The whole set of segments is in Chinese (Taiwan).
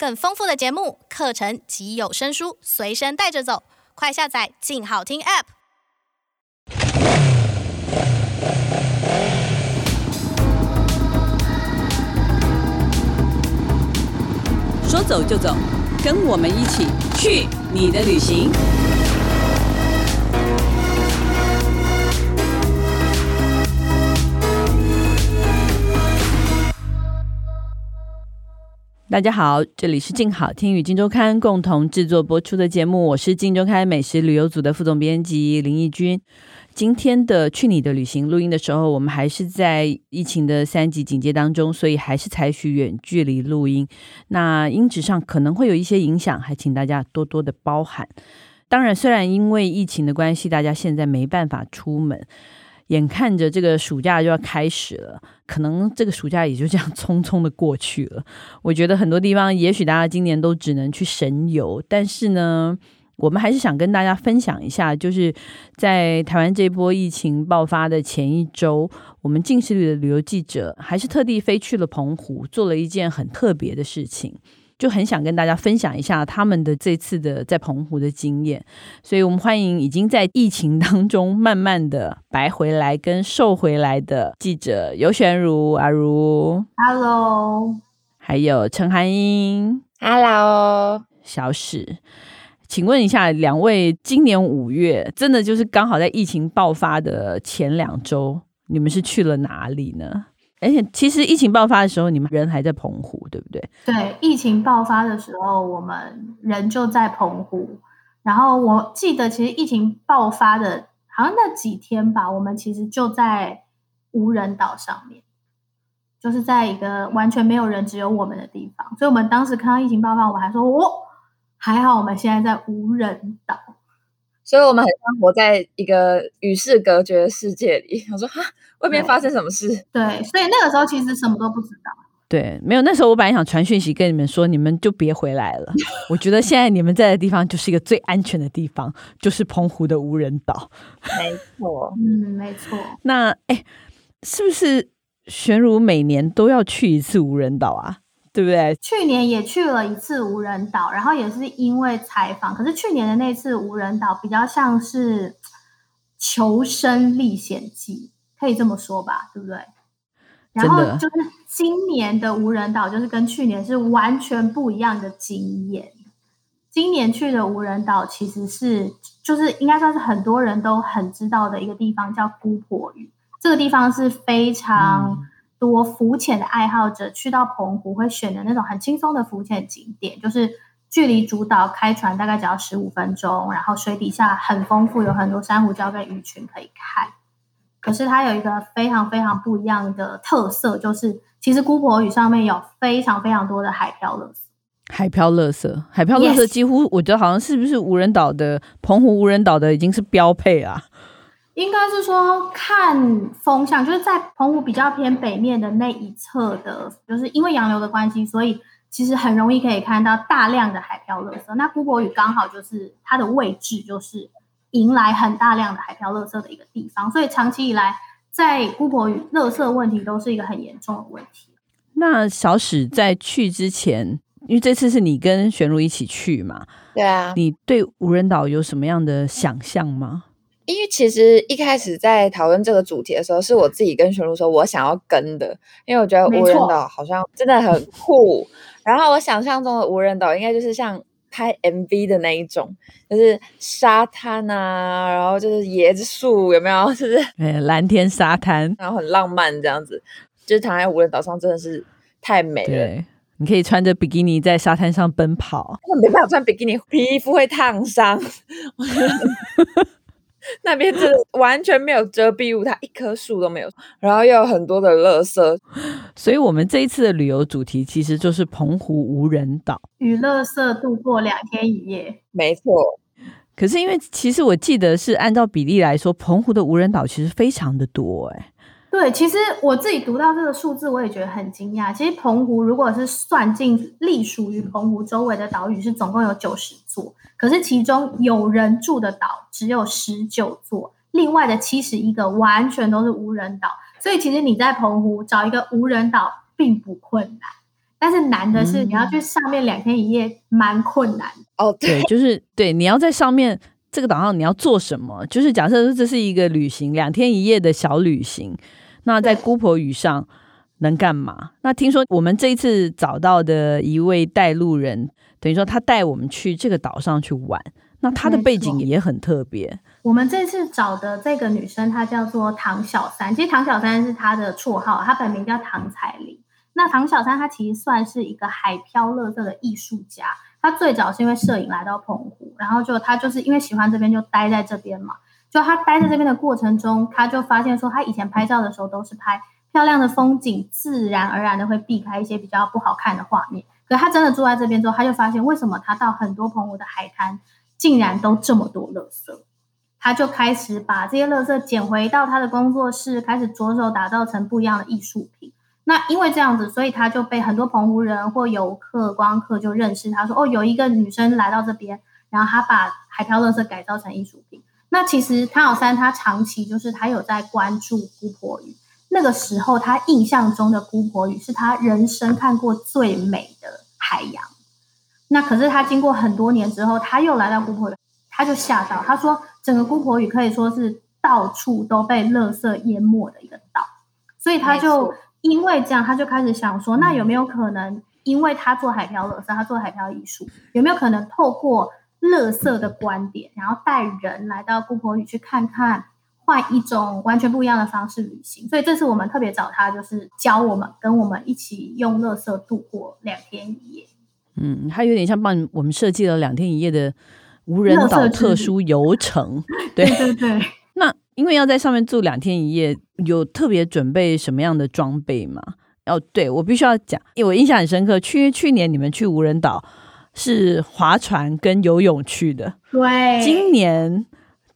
更豐富的節目、課程及有聲書隨身帶着走，快下載“靜好聽 ”App。說走就走，跟我們一起去你的旅行。大家好，這裡是鏡好聽與鏡週刊共同製作播出的節目，我是鏡週刊美食旅遊組的副總編輯林義軍。今天的去你的旅行錄音的時候，我們還是在疫情的三級警戒當中，所以還是採取遠距離錄音，那音質上可能會有一些影響，還請大家多多的包涵。當然，雖然因為疫情的關係，大家現在沒辦法出門。眼看着這個暑假就要開始了，可能這個暑假也就這樣匆匆的過去了。我覺得很多地方，也許大家今年都只能去神遊，但是呢，我們還是想跟大家分享一下，就是在台灣這波疫情爆發的前一周，我們近視旅的旅遊記者還是特地飛去了澎湖，做了一件很特別的事情。就很想跟大家分享一下他們的這次的在澎湖的經驗，所以我們歡迎已經在疫情當中慢慢的白回來跟瘦回來的記者尤玄如、阿如，Hello，還有陳涵英，Hello，小史，請問一下兩位，今年五月真的就是剛好在疫情爆發的前兩周，你們是去了哪裡呢？而且，其實疫情爆發的時候，你們人還在澎湖，對不對？對，疫情爆發的時候，我們人就在澎湖。然後我記得，其實疫情爆發的好像那幾天吧，我們其實就在無人島上面，就是在一個完全沒有人、只有我們的地方。所以，我們當時看到疫情爆發，我們還說：“喔，還好，我們現在在無人島。”所以我們很像活在一個與世隔絕的世界裡。我說哈，外面發生什麼事？對，對，所以那個時候其實什麼都不知道。對，沒有那時候，我本來想傳訊息跟你們說，你們就別回來了。 我覺得現在你們在的地方就是一個最安全的地方，就是澎湖的無人島。 沒錯，嗯，沒錯。那哎，是不是玄如每年都要去一次無人島啊？對不對？去年也去了一次無人島，然後也是因為採訪。可是去年的那次無人島比較像是求生歷險記，可以這麼說吧？對不對？真的？然後就是今年的無人島，就是跟去年是完全不一樣的經驗。今年去的無人島其實是，就是應該算是很多人都很知道的一個地方，叫姑婆嶼。這個地方是非常、嗯。多浮潛的愛好者去到澎湖會選的那種很輕鬆的浮潛景點，就是距離主島開船大概只要十五分鐘，然後水底下很豐富，有很多珊瑚礁跟魚群可以看。可是它有一個非常非常不一樣的特色，就是其實姑婆嶼上面有非常非常多的海漂垃圾。海漂垃圾，海漂垃圾幾乎 Yes. 我覺得好像是不是無人島的澎湖無人島的已經是標配啊？應該是說看風向，就是在澎湖比較偏北面的那一側的，就是因為洋流的關係，所以其實很容易可以看到大量的海漂垃圾。那姑婆嶼剛好就是它的位置，就是迎來很大量的海漂垃圾的一個地方，所以長期以來在姑婆嶼垃圾的問題都是一個很嚴重的問題。那小史在去之前，因為這次是你跟玄如一起去嘛？對啊。你對無人島有什麼樣的想象嗎？因為其實一開始在討論這個主題的時候，是我自己跟玄露說，我想要跟的，因為我覺得無人島好像真的很酷。沒錯。然後我想象中的無人島應該就是像拍 MV 的那一種，就是沙灘啊，然後就是椰子樹，有沒有？就是、欸、藍天沙灘，然後很浪漫這樣子。就是躺在無人島上真的是太美了，對，你可以穿着比基尼在沙灘上奔跑。我沒辦法穿比基尼，皮膚會燙傷。 那邊是完全沒有遮蔽物，它一棵樹都沒有，然後又有很多的垃圾， 所以我們這一次的旅遊主題其實就是澎湖無人島，與垃圾度過兩天一夜。沒錯，可是因為其實我記得是按照比例來說，澎湖的無人島其實非常的多、欸，誒。對，其實我自己讀到這個數字，我也覺得很驚訝。其實澎湖如果是算進隸屬於澎湖周圍的島嶼，是總共有九十座，可是其中有人住的島只有十九座，另外的七十一個完全都是無人島。所以其實你在澎湖找一個無人島並不困難，但是難的是你要去上面兩天一夜，蠻困難的哦，Okay. 對，就是對，你要在上面這個島上你要做什麼？就是假設這是一個旅行，兩天一夜的小旅行。那在姑婆嶼上對能幹嘛？那聽說我們這一次找到的一位帶路人，等於說他帶我們去這個島上去玩。那他的背景也很特別。我們這次找的這個女生，她叫做唐小三，其實唐小三是她的綽號，她本名叫唐彩玲。那唐小三她其實算是一個海漂垃圾的藝術家。她最早是因為攝影來到澎湖，然後就她就是因為喜歡這邊就待在這邊嘛。就他待在這邊的過程中，他就發現說，他以前拍照的時候都是拍漂亮的風景，自然而然的會避開一些比較不好看的畫面。可是他真的住在這邊之後，他就發現為什麼他到很多澎湖的海灘，竟然都這麼多垃圾，他就開始把這些垃圾撿回到他的工作室，開始着手打造成不一樣的藝術品。那因為這樣子，所以他就被很多澎湖人或遊客、觀光客就認識，他說：“哦，有一個女生來到這邊，然後她把海漂垃圾改造成藝術品。”那其實湯小三他長期就是他有在關注姑婆嶼，那個時候他印象中的姑婆嶼是他人生看過最美的海洋。那可是他經過很多年之後，他又來到姑婆嶼，他就嚇到，他說整個姑婆嶼可以說是到處都被垃圾淹沒的一個島。所以他就因為這樣，他就開始想說，那有沒有可能，因為他做海漂垃圾，他做海漂藝術，有沒有可能透過？垃圾的觀點，然後帶人來到姑婆嶼去看看，換一種完全不一樣的方式旅行。所以這次我們特別找他，就是教我們跟我們一起用垃圾度過兩天一夜。嗯，他有點像幫我們設計了兩天一夜的無人島特殊遊程。圾 對對對。 那因為要在上面住兩天一夜，有特別準備什麼樣的裝備嗎？要、哦、對，我必須要講，因為我印象很深刻，去去年你們去無人島，是划船跟游泳去的。對，今年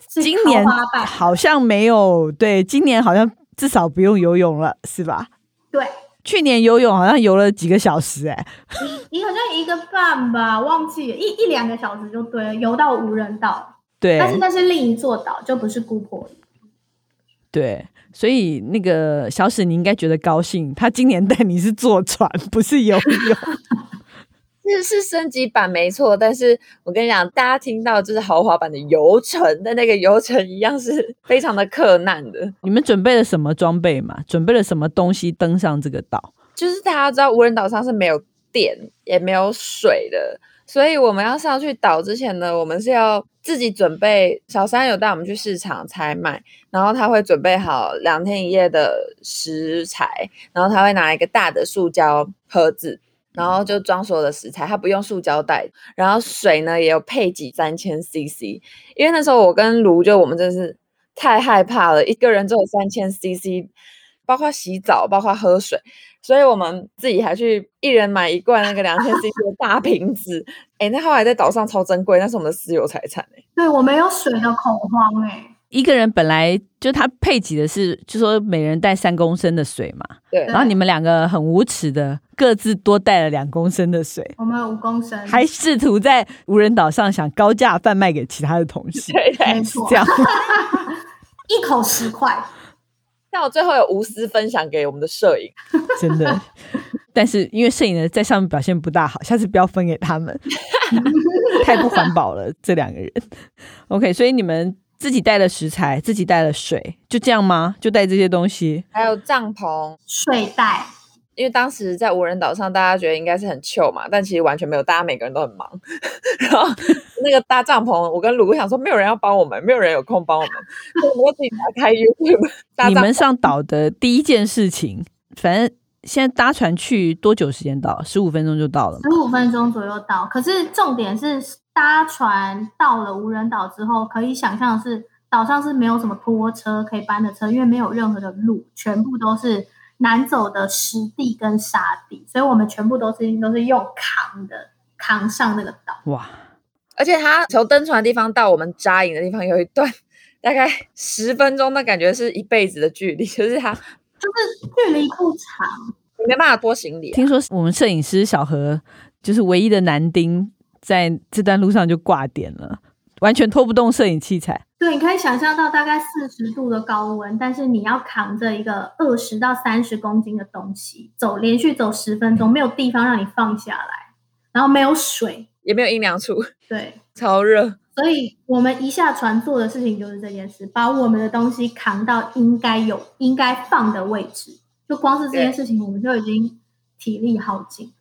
今年好像沒有對，今年好像至少不用游泳了，是吧？對，去年游泳好像游了幾個小時、欸，哎，你你好像一個半吧，忘記一一兩個小時就對了，游到無人島。對，但是那是另一座島，就不是姑婆對，所以那個小史你應該覺得高興，他今年帶你是坐船，不是游泳。 是是升級版沒錯，但是我跟你講，大家聽到的就是豪華版的遊程，但那個遊程一樣是非常的克難的。你們準備了什麼裝備嘛？準備了什麼東西登上這個島？就是大家知道無人島上是沒有電也沒有水的，所以我們要上去島之前呢，我們是要自己準備。小三有帶我們去市場採買，然後他會準備好兩天一夜的食材，然後他會拿一個大的塑膠盒子。然後就裝所有的食材，它，不用塑膠袋。然後水呢也有配給，三千 CC，因為那時候我跟盧，就我們真是太害怕了，一個人只有三千 CC，包括洗澡，包括喝水，所以我們自己還去一人買一罐那個兩千 CC 的大瓶子。誒、 欸、那後來在島上超珍貴，那是我們的私有財產哎、欸。對，我沒有水的恐慌誒、欸一個人本來就他配給的是，就說每人帶三公升的水嘛。對。然後你們兩個很無恥的，各自多帶了兩公升的水。我們五公升。還試圖在無人島上想高價販賣給其他的同事。對，對，對，沒錯，這樣。 一口十塊。但我最後有無私分享給我們的攝影。真的。但是因為攝影的在上面表現不大好，下次不要分給他們。 太不環保了，這兩個人。OK，所以你們。自己帶了食材，自己帶了水，就這樣嗎？就帶這些東西？還有帳篷、睡袋帶。因為當時在無人島上，大家覺得應該是很糗嘛，但其實完全沒有，大家每個人都很忙。 然後那個搭帳篷，我跟魯固想說，沒有人要幫我們，沒有人有空幫我們， 所以我自己打開 YouTube。你們上島的第一件事情，反正現在搭船去多久時間到？十五分鐘就到了。十五分鐘左右到，可是重點是。搭船到了無人島之後，可以想象的是，島上是沒有什麼拖車可以搬的車，因為沒有任何的路，全部都是難走的濕地跟沙地，所以我們全部都是都是用扛的扛上那個島。哇！而且它從登船的地方到我們紮營的地方，有一段大概十分鐘的感覺是一輩子的距離，就是它就是距離不長，你沒辦法多行李，啊。聽說我們攝影師小何就是唯一的男丁。在這段路上就掛點了，完全拖不動攝影器材。對，你可以想象到大概四十度的高溫，但是你要扛着一個二十到三十公斤的東西走，連續走十分鐘，沒有地方讓你放下來，然後沒有水，也沒有陰涼處，對，超熱。所以我們一下船做的事情就是這件事，把我們的東西扛到應該有、應該放的位置。就光是這件事情，我們就已經體力耗盡了。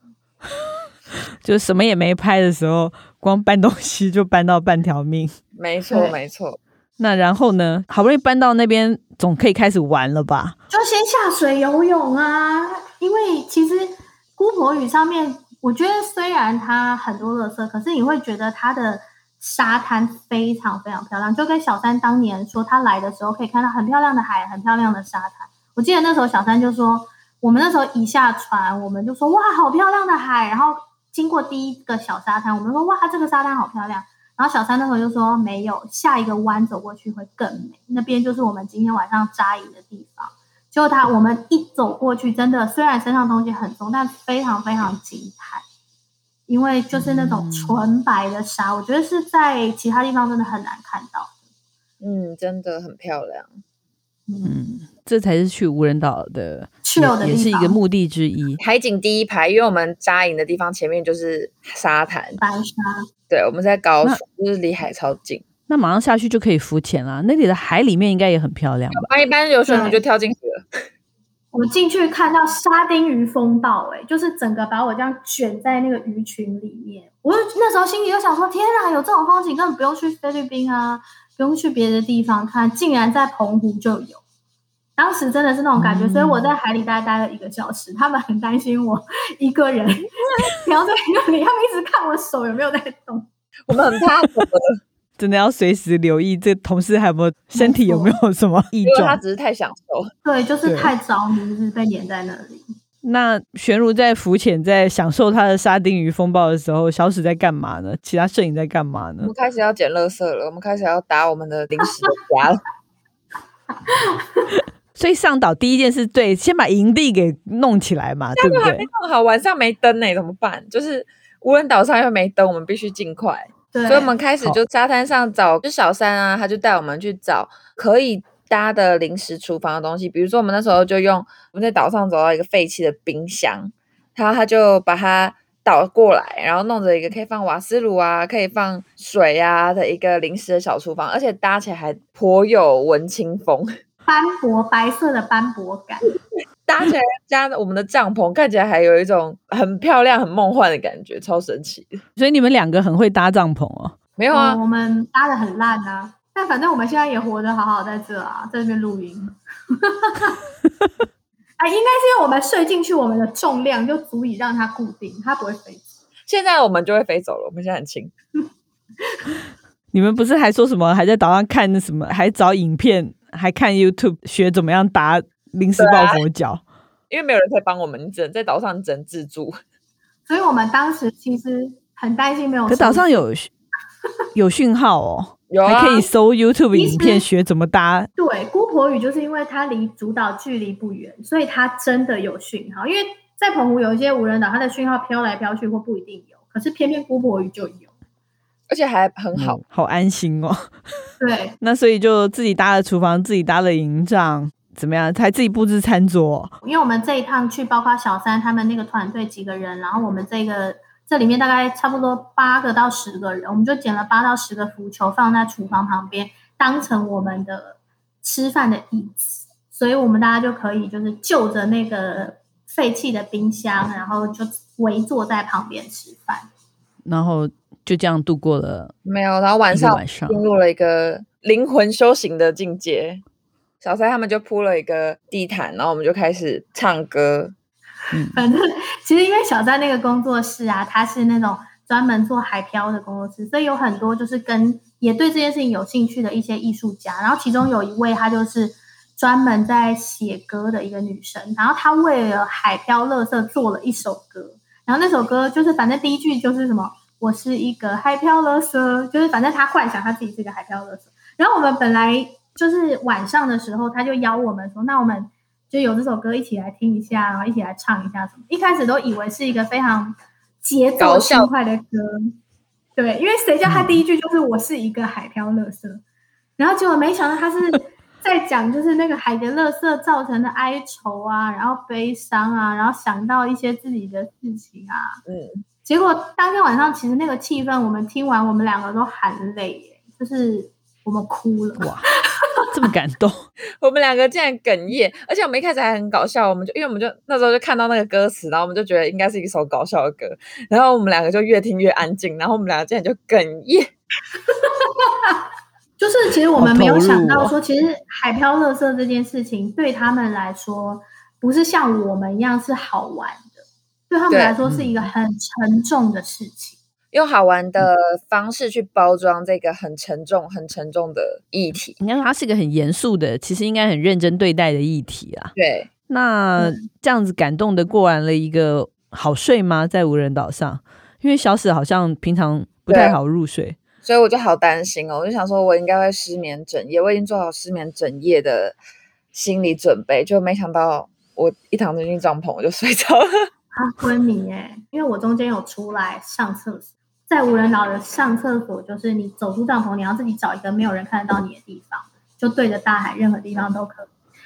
就什麼也沒拍的時候，光搬東西就搬到半條命。沒錯錯，沒錯 是。那然後呢？好不容易搬到那邊，總可以開始玩了吧？就先下水游泳啊！因為其實姑婆嶼上面，我覺得雖然它很多垃圾，可是你會覺得它的沙灘非常非常漂亮，就跟小三當年說他來的時候可以看到很漂亮的海、很漂亮的沙灘。我記得那時候小三就說，我們那時候一下船，我們就說哇，好漂亮的海，然後。經過第一個小沙灘，我們說哇，這個沙灘好漂亮。然後小三那時候就說沒有，下一個彎走過去會更美，那邊就是我們今天晚上紮營的地方。結果他我們一走過去，真的雖然身上東西很重，但非常非常精彩，因為就是那種純白的沙，嗯、我覺得是在其他地方真的很難看到。嗯，真的很漂亮。嗯。這才是去無人島的，去的也，也是一個目的之一。海景第一排，因為我們扎營的地方前面就是沙灘，白沙。對，我們在高處，那就是離海超近。那馬上下去就可以浮潛了，那裡的海裡面應該也很漂亮吧？一般有船我們就跳進去了。我進去看到沙丁魚風暴、欸，哎，就是整個把我這樣捲在那個魚群裡面。我就那時候心裡就想說：天啊，有這種風景，根本不用去菲律賓啊，不用去別的地方看，竟然在澎湖就有。當時真的是那種感覺，嗯、所以我在海裡待待了一個小時，他們很擔心我一個人留在那裡， 他們一直看我手有沒有在動， 我們很怕死， 真的要隨時留意這個、同事還有沒有身體有沒有什麼異狀。因為他只是太享受，對，就是太着迷，就是被黏在那裡。對那玄如在浮潛，在享受他的沙丁魚風暴的時候，小史在幹嘛呢？其他攝影在幹嘛呢？我們開始要撿垃圾了，我們開始要打我們的臨時的家了。 所以上島第一件事，對，先把營地給弄起來嘛，對不對？還沒弄好，晚上沒燈呢、欸，怎麼辦？就是無人島上又沒燈，我們必須儘快。對所以我們開始就沙灘上找，就小三啊，他就帶我們去找可以搭的臨時廚房的東西。比如說我們那時候就用我們在島上找到一個廢棄的冰箱，然後他就把它倒過來，然後弄着一個可以放瓦斯爐啊，可以放水啊的一個臨時的小廚房，而且搭起來還頗有文青風。斑駁白色的斑駁感，搭起來家的我們的帳篷 看起來還有一種很漂亮、很夢幻的感覺，超神奇。所以你們兩個很會搭帳篷哦？沒有啊，哦、我們搭得很爛啊。但反正我們現在也活得好好，在這啊，在這邊露營。啊、 哎，應該是因為我們睡進去，我們的重量就足以讓它固定，它不會飛起。現在我們就會飛走了。我們現在很輕。 你們不是還說什麼？還在島上看什麼？還找影片？還看 YouTube 學怎麼樣搭臨時抱佛腳，因為沒有人可以幫我們，整，你只能在島上整自助。所以我們當時其實很擔心沒有。可島上有有訊號哦、喔， 還可以搜 YouTube 影片學怎麼搭。對，姑婆嶼就是因為它離主島距離不遠，所以它真的有訊號。因為在澎湖有一些無人島，它的訊號飄來飄去或不一定有，可是偏偏姑婆嶼就有。而且還很好，嗯、好安心哦。 對，那所以就自己搭了廚房，自己搭了營帳，怎麼樣？還自己布置餐桌。因為我們這一趟去，包括小三他們那個團隊幾個人，然後我們這個這裡面大概差不多八個到十個人，我們就撿了八到十個浮球放在廚房旁邊，當成我們的吃飯的椅子，所以我們大家就可以就是就着那個廢棄的冰箱，然後就圍坐在旁邊吃飯，然後。就這樣度過了，沒有。然後晚上進入了一個靈魂修行的境界。小三他們就鋪了一個地毯，然後我們就開始唱歌。嗯、反正其實因為小三那個工作室啊，他是那種專門做海漂的工作室，所以有很多就是跟也對這件事情有興趣的一些藝術家。然後其中有一位，她就是專門在寫歌的一個女生。然後她為了海漂垃圾做了一首歌。然後那首歌就是，反正第一句就是什麼。我是一個海漂樂色，就是反正他幻想他自己是一個海漂樂色。然後我們本來就是晚上的時候，他就邀我們說：“那我們就有這首歌一起來聽一下，然後一起來唱一下。”什麼？一開始都以為是一個非常節奏輕快的歌， 對，因為誰叫他第一句就是“我是一個海漂樂色”，嗯、然後結果沒想到他是在講就是那個海的樂色造成的哀愁啊，然後悲傷啊，然後想到一些自己的事情啊，嗯。結果當天晚上，其實那個氣氛，我們聽完，我們兩個都含淚耶，就是我們哭了，哇，這麼感動， 我們兩個竟然哽咽，而且我們一開始還很搞笑，我們就因為我們就那時候就看到那個歌詞，然後我們就覺得應該是一首搞笑的歌，然後我們兩個就越聽越安靜，然後我們兩個竟然就哽咽，哈哈哈，就是其實我們沒有想到說，哦，其實海漂垃圾這件事情對他們來說，不是像我們一樣是好玩。對他們來說是一個很沉重的事情，嗯、用好玩的方式去包裝這個很沉重、很沉重的議題。應該說它是一個很嚴肅的，其實應該很認真對待的議題啊。對，那、嗯、這樣子感動的過完了一個好睡嗎？在無人島上，因為小史好像平常不太好入睡，所以我就好擔心哦。我就想說我應該會失眠整夜，我已經做好失眠整夜的心理準備，就沒想到我一躺進去帳篷我就睡着了。他昏迷哎、欸，因為我中間有出來上廁所，在無人島的上廁所就是你走出帳篷，你要自己找一個沒有人看得到你的地方，就對着大海，任何地方都可以。嗯、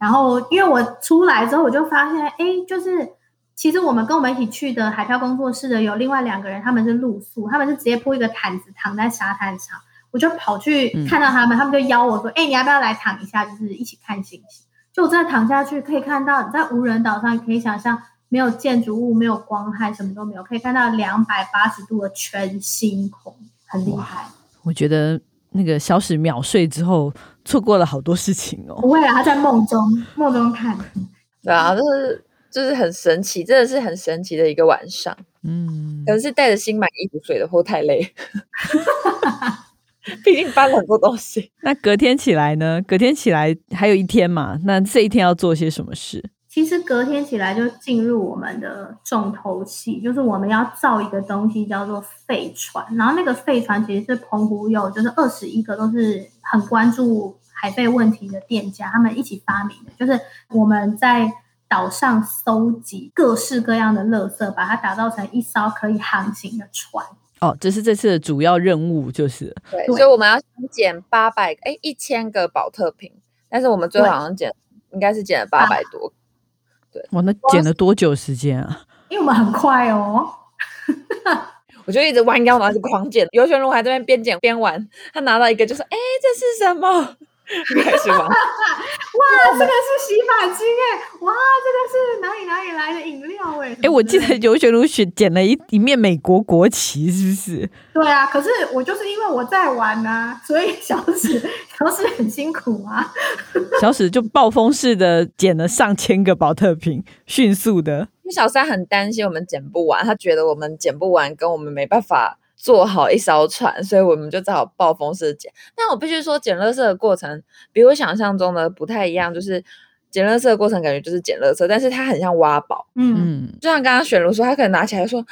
然後因為我出來之後，我就發現哎，就是其實我們跟我們一起去的海漂工作室的有另外兩個人，他們是露宿，他們是直接鋪一個毯子躺在沙灘上。我就跑去看到他們，嗯、他們就邀我說：“哎，你要不要來躺一下？就是一起看星星。”就我真的躺下去，可以看到你在無人島上，可以想象。沒有建築物，沒有光害，什麼都沒有，可以看到兩百八十度的全星空，很厲害。我覺得那個小史秒睡之後，錯過了好多事情哦。不會啊，他在夢中 夢中看。對啊，就是就是很神奇，真的是很神奇的一個晚上。嗯，可能是帶着心滿意足睡的，或太累。 畢竟搬了很多東西。那隔天起來呢？隔天起來還有一天嘛？那這一天要做些什麼事？其實隔天起來就進入我們的重頭戲，就是我們要造一個東西叫做廢船，然後那個廢船其實是澎湖有，就是二十一個都是很關注海廢問題的店家，他們一起發明的，就是我們在島上搜集各式各樣的垃圾，把它打造成一艘可以航行的船。哦，這是這次的主要任務，就是對，所以我們要撿八百哎一千個寶特瓶，但是我們最後好像撿，對應該是撿了八百多。啊我那對塞剪了多久時間啊？因為我們很快哦， 我就一直彎腰，然後狂剪。尤全祿還在這邊邊剪邊玩，他拿到一個就說：“哎、欸，這是什麼？”開始玩哇！哇哇這個是洗髮精哎，哇！這個是哪裡哪裡來的飲料哎、欸？欸、我記得有雪茹雪撿了一一面美國國旗，是不是？對啊，可是我就是因為我在玩吶、啊，所以小史 小史很辛苦啊。 小史就暴風式的撿了上千個寶特瓶，迅速的。因為小三很擔心我們撿不完，他覺得我們撿不完跟我們沒辦法。做好一艘船，所以我們就只好暴風式撿。但我必須說，撿垃圾的過程比我想象中的不太一樣。就是撿垃圾的過程，感覺就是撿垃圾，但是它很像挖寶。嗯，就像剛剛雪茹說，他可能拿起來說：“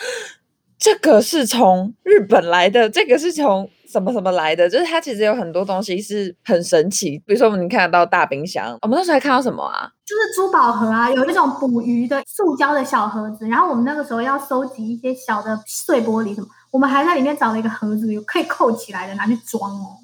這個是從日本來的，這個是從什麼什麼來的。”就是它其實有很多東西是很神奇。比如說，我們能看得到大冰箱，我們那時候還看到什麼啊？就是珠寶盒啊，有一種捕魚的塑膠的小盒子。然後我們那個時候要收集一些小的碎玻璃什麼。我們還在裡面找了一個盒子，有可以扣起來的，拿去裝哦。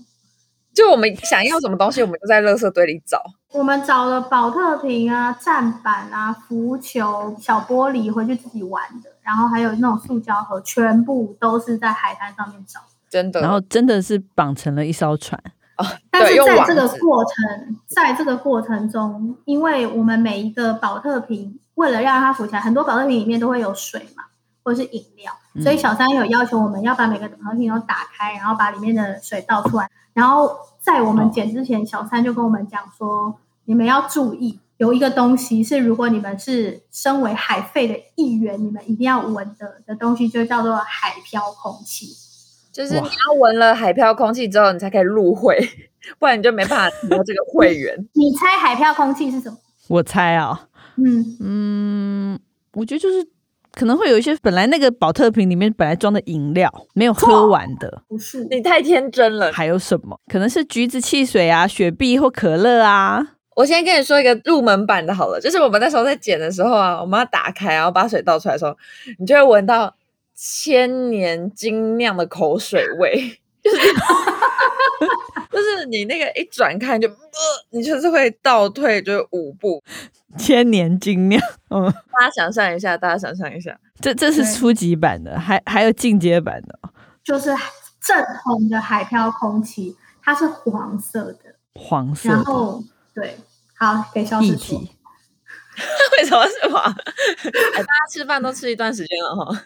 就我們想要什麼東西，我們就在垃圾堆裡找。我們找了寶特瓶啊、棧板啊、浮球、小玻璃，回去自己玩的。然後還有那種塑膠盒，全部都是在海灘上面找。真的，然後真的是綁成了一艘船啊！哦，但是在這個過程，在這個過程中，因為我們每一個寶特瓶，為了讓它浮起來，很多寶特瓶裡面都會有水嘛。或是飲料，嗯、所以小三有要求我們要把每個東西都打開，然後把裡面的水倒出來。然後在我們撿之前，哦、小三就跟我們講說：你們要注意，有一個東西是，如果你們是身為海廢的一員，你們一定要聞的的東西，就叫做海漂空氣。就是你要聞了海漂空氣之後，你才可以入會，哇 不然你就沒辦法得到這個會員。 你猜海漂空氣是什麼？我猜啊、哦，嗯嗯，我覺得就是。可能會有一些本來那個寶特瓶裡面本來裝的飲料沒有喝完的。不是，你太天真了。還有什麼？可能是橘子汽水啊、雪碧或可樂啊。我先跟你說一個入門版的好了，就是我們那時候在撿的時候啊，我們要打開、啊，然後把水倒出來的時候，你就會聞到千年精釀的口水味，就是。就是你那個一轉看就，呃，你就是會倒退，就是五步，千年精釀，嗯，大家想象一下，大家想象一下，這這是初級版的，對還還有進階版的，就是正紅的海漂空氣，它是黃色的，黃色，然後對，好給消師傅，體 為什麼是黃、 哎？大家吃飯都吃一段時間了哈，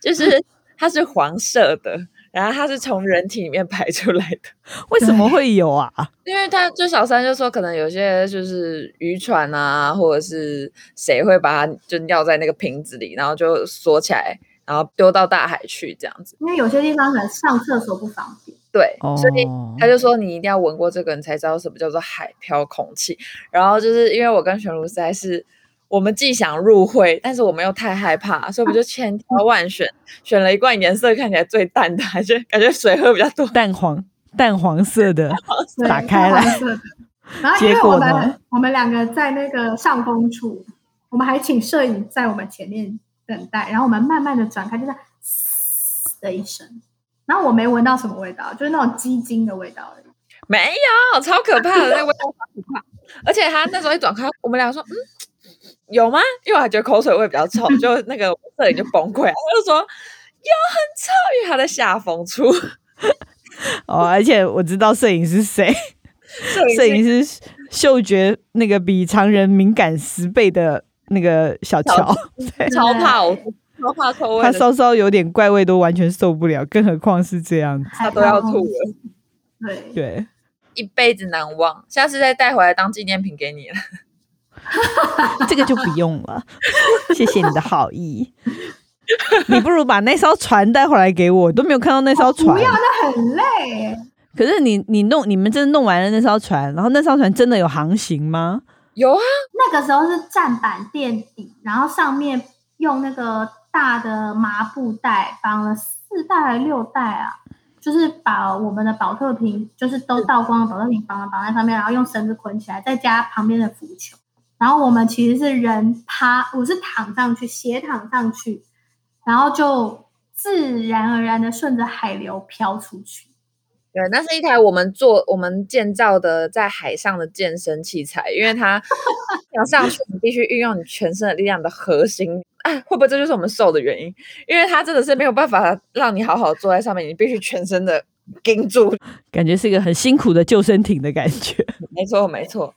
就是它是黃色的。然後它是從人體裡面排出來的，為什麼會有啊？因為他就小三就說，可能有些就是漁船啊，或者是誰會把它就尿在那個瓶子裡，然後就鎖起來，然後丟到大海去這樣子。因為有些地方可能上廁所不方便，對，所以他就說你一定要聞過這個，你才知道什麼叫做海漂空氣。然後就是因為我跟玄如塞是。我們既想入會，但是我們又太害怕，所以我們就千挑萬選，啊、選了一罐顏色看起來最淡的，還是感覺水喝比較多，淡黃、淡黃色的，對打開來。然後因為我們結果呢我們兩個在那個上風處，我們還請攝影在我們前面等待，然後我們慢慢的轉開，就是嘶、嘶的一聲，然後我沒聞到什麼味道，就是那種雞精的味道，沒有，超可怕的那個、啊、味道，而且他那時候一轉開，我們兩個說嗯。 有嗎？因為我還覺得口水味比較臭， 就那個攝影就崩潰，我 就說有很臭，因為他的下風處。 哦，而且我知道攝影是誰，攝影師嗅覺影那個比常人敏感十倍的那個小喬，超，對超怕我，超怕臭味，他稍稍有點怪味都完全受不了，更何況是這樣子，他都要吐了。好對，對一輩子難忘，下次再帶回來當紀念品給你了。 這個就不用了， 謝謝你的好意。 你不如把那艘船帶回來給我，我都沒有看到那艘船。哦，不要，那很累。可是你你弄你們真的弄完了那艘船，然後那艘船真的有航行嗎？有啊，那個時候是站板墊底，然後上面用那個大的麻布袋綁了四袋還是六袋啊？就是把我們的保特瓶，就是都倒光的保特瓶綁綁在上面，是然後用繩子捆起來，再加旁邊的浮球。然後我們其實是人趴，我是躺上去，斜躺上去，然後就自然而然的順着海流漂出去。對，那是一台我們做我們建造的在海上的健身器材，因為它， 要上去，你必須運用你全身的力量的核心。啊、哎、會不會這就是我們瘦的原因？因為它真的是沒有辦法讓你好好坐在上面，你必須全身的盯住，感覺是一個很辛苦的救生艇的感覺。沒錯，沒錯，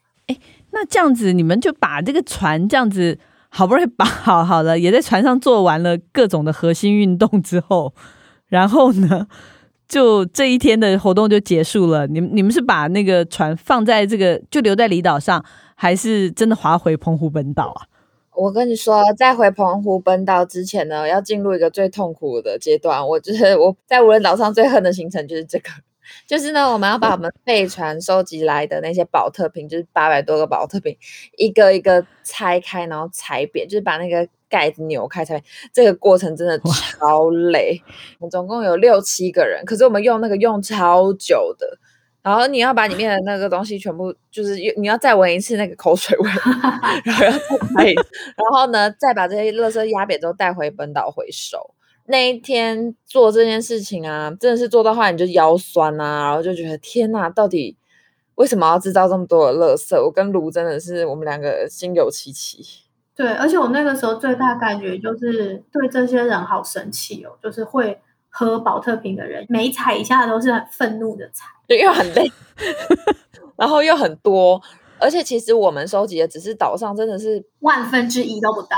那這樣子，你們就把這個船這樣子好不容易把好好了，也在船上做完了各種的核心運動之後，然後呢，就這一天的活動就結束了。你們你們是把那個船放在這個就留在離島上，還是真的划回澎湖本島啊？我跟你說，在回澎湖本島之前呢，要進入一個最痛苦的階段。我就是我在無人島上最恨的行程就是這個。就是呢，我們要把我們廢船收集來的那些寶特瓶，就是八百多個寶特瓶，一個一個拆開，然後踩扁，就是把那個蓋子扭開。才這個過程真的超累，哇總共有六七個人，可是我們用那個用超久的，然後你要把裡面的那個東西全部就是你要再聞一次那個口水味， 然後要再 然後呢再把這些垃圾壓扁都帶回本島回收。那一天做這件事情啊，真的是做到後來你就腰酸啊，然後就覺得天哪、啊，到底為什麼要制造這麼多的垃圾？我跟盧真的是我們兩個心有戚戚。對，而且我那個時候最大感覺就是對這些人好生氣哦，就是會喝寶特瓶的人，每踩一下都是很憤怒的踩，對，又很累， 然後又很多，而且其實我們收集的只是島上真的是萬分之一都不到。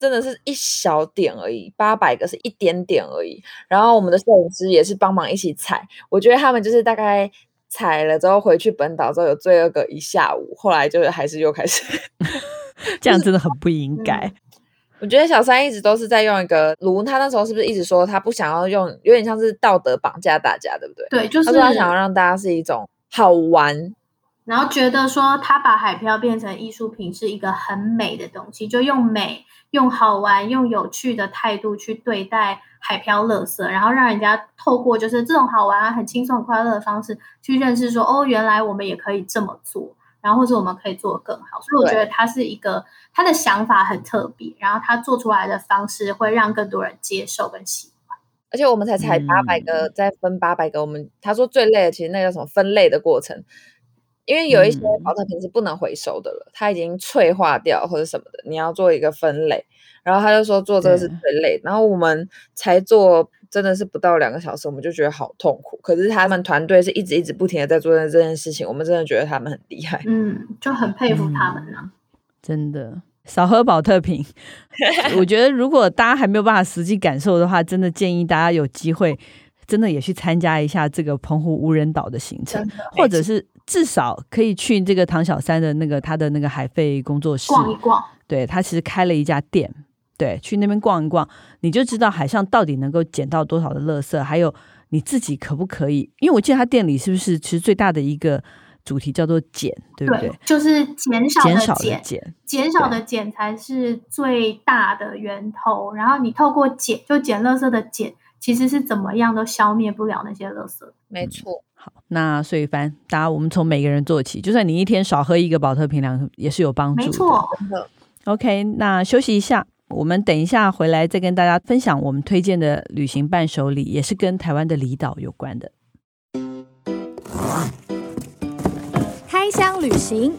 真的是一小點而已，八百個是一點點而已。然後我們的攝影師也是幫忙一起踩，我覺得他們就是大概踩了之後回去本島之後有罪惡感一下午，後來就還是又開始。這樣真的很不應該，就是嗯。我覺得小三一直都是在用一個盧，他那時候是不是一直說他不想要用，有點像是道德綁架大家，對不對？對，就是他，說他想要讓大家是一種好玩。然後覺得說他把海漂變成藝術品是一個很美的東西，就用美、用好玩、用有趣的態度去對待海漂垃圾然後讓人家透過就是這種好玩、啊、很輕鬆、很快樂的方式去認識說哦，原來我們也可以這麼做，然後或是我們可以做更好。所以我覺得他是一個對他的想法很特別，然後他做出來的方式會讓更多人接受跟喜歡。而且我們才採八百個，嗯、再分八百個，我們他說最累的其實那個什麼分類的過程。因為有一些寶特瓶是不能回收的了，嗯、它已經脆化掉或者什麼的，你要做一個分類。然後他就說做這個是最累。對然後我們才做，真的是不到兩個小時，我們就覺得好痛苦。可是他們團隊是一直一直不停的在做這這件事情，我們真的覺得他們很厲害，嗯，就很佩服他們呢、啊嗯。真的少喝寶特瓶， 我覺得如果大家還沒有辦法實際感受的話，真的建議大家有機會真的也去參加一下這個澎湖無人島的行程，真的或者是。至少可以去這個唐小三的那個他的那個海廢工作室逛一逛，對，他其實開了一家店，對，去那邊逛一逛，你就知道海上到底能夠撿到多少的垃圾，還有你自己可不可以？因為我記得他店裡是不是其實最大的一個主題叫做“減，對不對？對，就是減少的減，減少的減，減少的減才是最大的源頭。對。然後你透過減，就減垃圾的減。其實是怎麼樣都消滅不了那些垃圾，嗯。沒錯。好，那所以帆，大家我們從每個人做起，就算你一天少喝一個保特瓶，兩也是有幫助。沒錯錯。嗯、OK，那休息一下，我們等一下回來再跟大家分享我們推薦的旅行伴手禮，也是跟台灣的離島有關的，開箱旅行。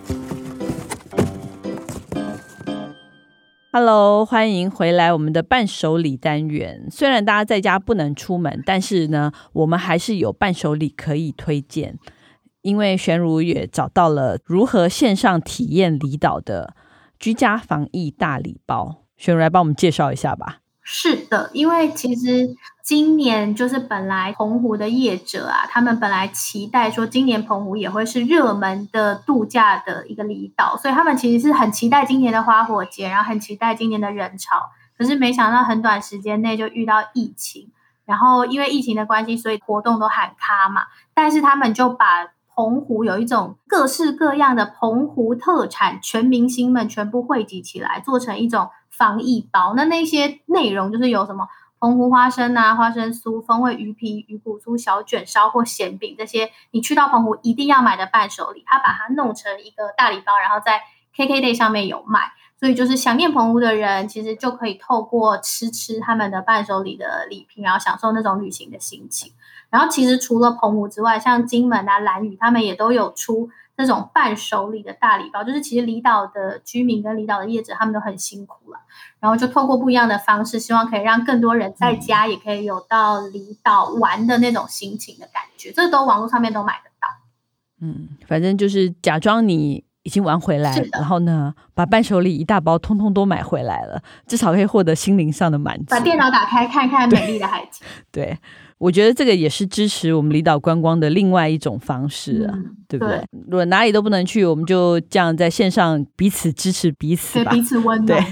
哈嘍，Hello, 歡迎回來我們的伴手禮單元。雖然大家在家不能出門，但是呢，我們還是有伴手禮可以推薦。因為玄如也找到了如何線上體驗離島的居家防疫大禮包，玄如來幫我們介紹一下吧。是的，因為其實今年就是本來澎湖的業者啊，他們本來期待說今年澎湖也會是熱門的度假的一個離島，所以他們其實是很期待今年的花火節，然後很期待今年的人潮。可是沒想到很短時間內就遇到疫情，然後因為疫情的關係，所以活動都喊卡嘛。但是他們就把澎湖有一種各式各樣的澎湖特產，全明星們全部匯集起來，做成一種。防疫包，那那些內容就是有什麼澎湖花生啊、花生酥、風味魚皮、魚骨酥、小卷燒或鹹餅這些，你去到澎湖一定要買的伴手禮，他把它弄成一個大禮包，然後在 KKday 上面有賣，所以就是想念澎湖的人，其實就可以透過吃吃他們的伴手禮的禮品，然後享受那種旅行的心情。然後其實除了澎湖之外，像金門啊、蘭嶼，他們也都有出。這種伴手禮的大禮包，就是其實離島的居民跟離島的業者他們都很辛苦了，然後就透過不一樣的方式，希望可以讓更多人在家也可以有到離島玩的那種心情的感覺，嗯、這都網絡上面都買得到。嗯，反正就是假裝你已經玩回來了，的然後呢，把伴手禮一大包通通都買回來了，至少可以獲得心靈上的滿足。把電腦打開看看美麗的海景， 對。我覺得這個也是支持我們離島觀光的另外一種方式啊，嗯，對不對？對，如果哪裡都不能去，我們就這樣在線上彼此支持彼此吧，彼此溫暖，對，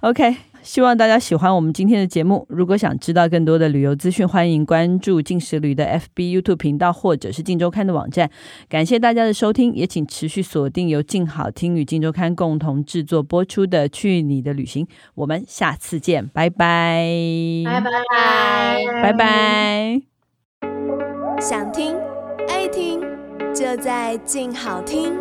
OK。希望大家喜歡我們今天的節目。如果想知道更多的旅遊資訊，歡迎關注鏡食旅的 FB、YouTube 頻道，或者是鏡週刊的網站。感謝大家的收聽，也請持續鎖定由鏡好聽與鏡週刊共同製作播出的《去你的旅行》。我們下次見，拜拜！拜拜！拜拜 bye！想聽愛聽，就在鏡好聽。